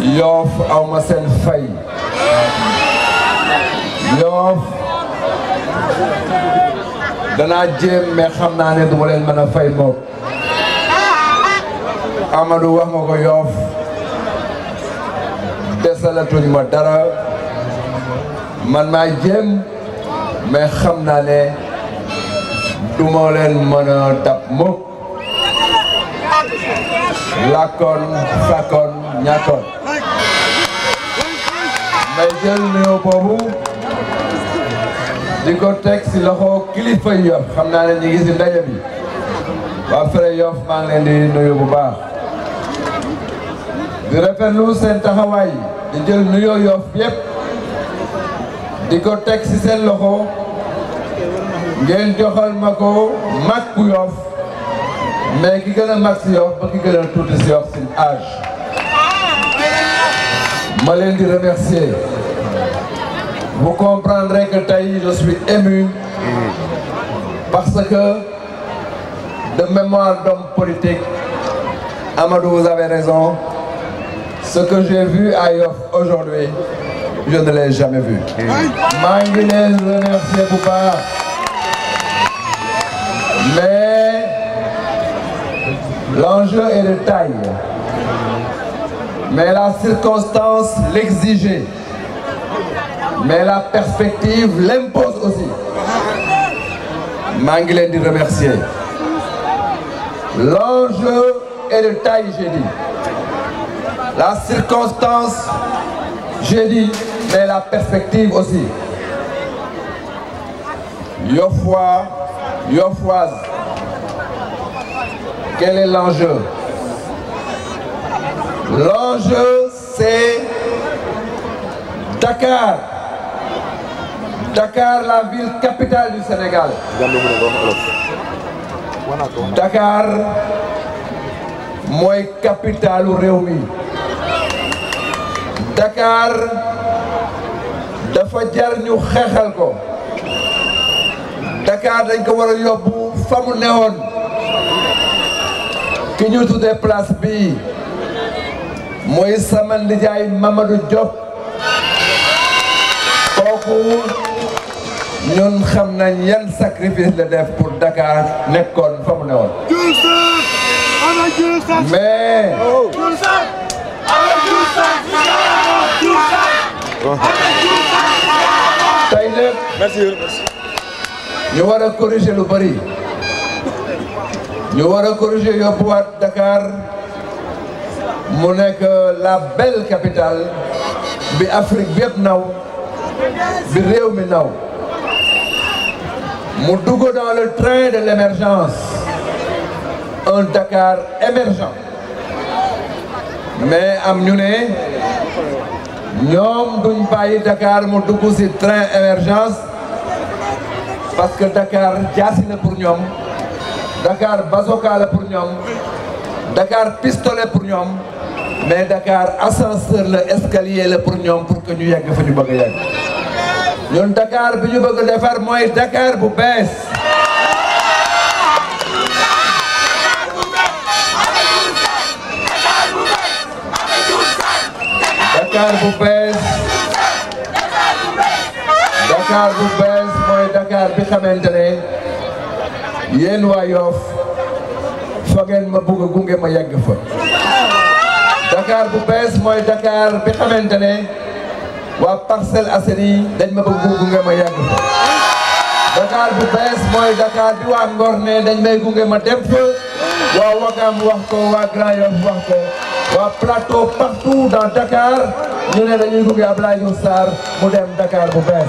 yoof awma ma seen fay yoof danaa jéem mais xam naa ne duma leen mën a fay moom Amadou wax ma ko yoof desalatuñ ma dara man maa jéem mais xam naa ne duma leen mën a dab mukk làkkoon fàkkoon ñàkkoon may jël nuyoo boobu di ko teg ci loxo kilifa Yoff xam naa ne ñu ngi si ndaje bi waa Fere Yoff maa ngi leen di bu baax di rafetlu seen taxawaay di jël nuyoo Yoff yëpp di ko teg ci seen loxo ngeen joxal ma ko mag bu Yoff ki gën a mag si Yoff ki gën tuuti si Yoff si âge ma leen di remercier vous comprendrez que tey je suis ému parce que de mémoire d'homme politique Amadou vous avez raison ce que j'ai vu à Yoff aujourd'hui je ne l'ai jamais vu maa ngi leen remercier bu baax mais l'enjeu est de taille mais la circonstance l'exigeait. mais la perspective l'impose aussi. maa ngi leen di remercier. l'enjeu est de taille j'ai dit. la circonstance j'ai dit mais la perspective aussi. Yoff Ouah, Yoff Ouaze. quel est l'enjeu? L'enjeu, c'est Dakar. Dakar, la ville capitale du Sénégal. Dakar, mooy capitalu réew mi. Dakar dafa jar ñu xeexal ko. Dakar dañ ko war a yóbbu fa mu newoon. ki ñu tuddee place bii. mooy sama nijaay Mamadou Diop kooku ñun xam nañ yan sacrifice la def pour Dakar nekkoon fa mu ne woon mais tey nag merci ñu war a corriger lu bëri ñu war a corriger yóbbuwaat Dakar mu nekk la belle capitale bi Afrique bi yëpp naw bi réew mi naw mu dugg dans le train de l'émergence un Dakar émergent mais am ñu ne ñoom duñ bàyyi Dakar mu dugg ci train émergence parce que Dakar jaasi la pour ñoom Dakar bazoka la pour ñoom Dakar pistolet pour ñoom mais Dakar ascenseur la escalier la pour ñoom pour que ñu yegg fa ñu bëgg a ñun Dakar bi ñu bëgg defar mooy Dakar bu bees. Dakar bu bees. Dakar bu bees mooy Dakar bi xamante ne waa Yoff fa a gunge ma bu bees mooy Dakar bi xamante ne waa Parcelles Assainies dañ ma bëgg gunge ma yegg fa Dakar bu bees mooy Dakar bi waa Ngor ne dañ may gunge ma dem waa Wakam wax ko waa Grand wax ko waa Plateau partout dans Dakar ñu ne dañuy gunge Abdoulaye Diouf Sarr mu dem Dakar bu bees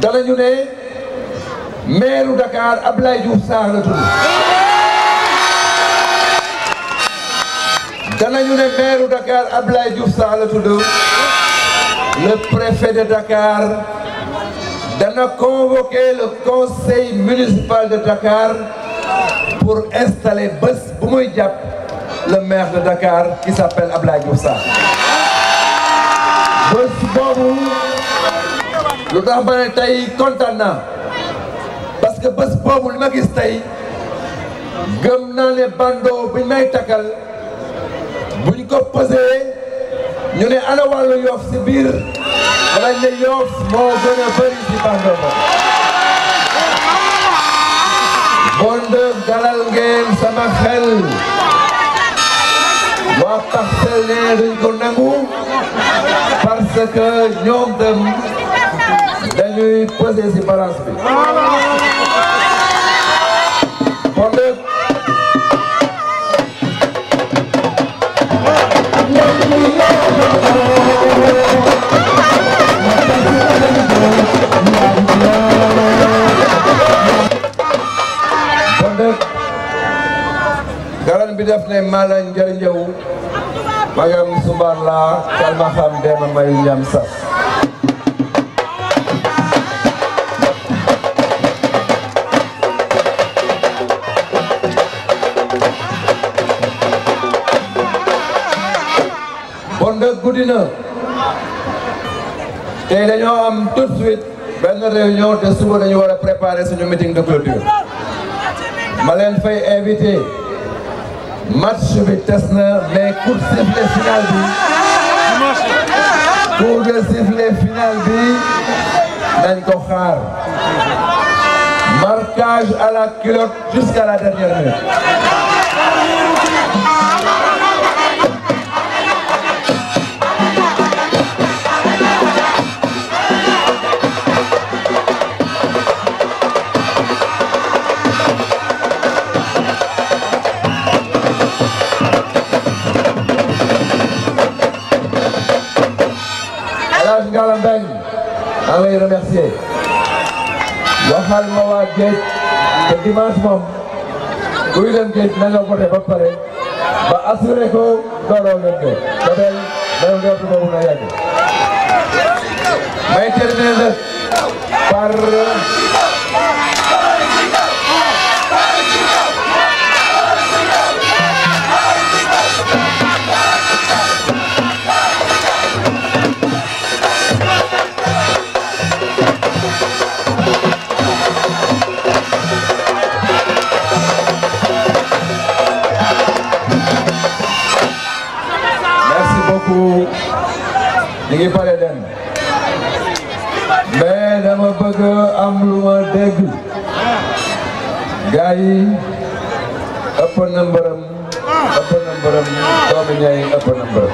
dalañu ne maire Dakar Abdoulaye Diouf Sarr ne maire Dakar Abdoulaye Diouf la tudd le préfet de Dakar dana convoquer le conseil municipal de Dakar pour installer bés bu muy jàpp le maire Dakar qui lu tax ma tey kontaan naa parce que bés boobu ma gis tey gëm naa bandoo buñ may takkal buñ ko pësee ñu ne ana yoof si biir danañ ne yoof moo gën a bëri si bandoo ba bond dalal ngeen sama xel waa parcelle ne duñ ko nangu parce que ñoom dem ñuy posé si balance bi. kon nag. kon nag. garan bi def ne Malang Njariñ Jaw magam Sumbar laa Kalma xam Demba Mbaye Ndiame Sass. guddi na tey dañoo am tout de suite benn réunion te suba dañu war a préparer suñu meeting de clôture ma leen fay invité match bi tes na mais coup de sifflet final bi coup de sifflet final bi dañ ko xaar marquage à la culotte jusqu'à la ngay remercier waxal ma waa géej te dimanche moom kuy dem géej na nga voté ba pare ba assuré ko dooroo leen géej ba tey dara dootu boobu na yàgg may terminer nag par leen mais dama am lu ma dégg gars yi ëpp na mbërëm ëpp na mbërëm doomu ñay ëpp na mbërëm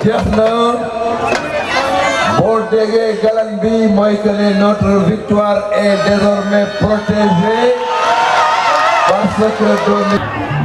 jeex na galan bi mooy que ne notre victoire est désormais protégée parce que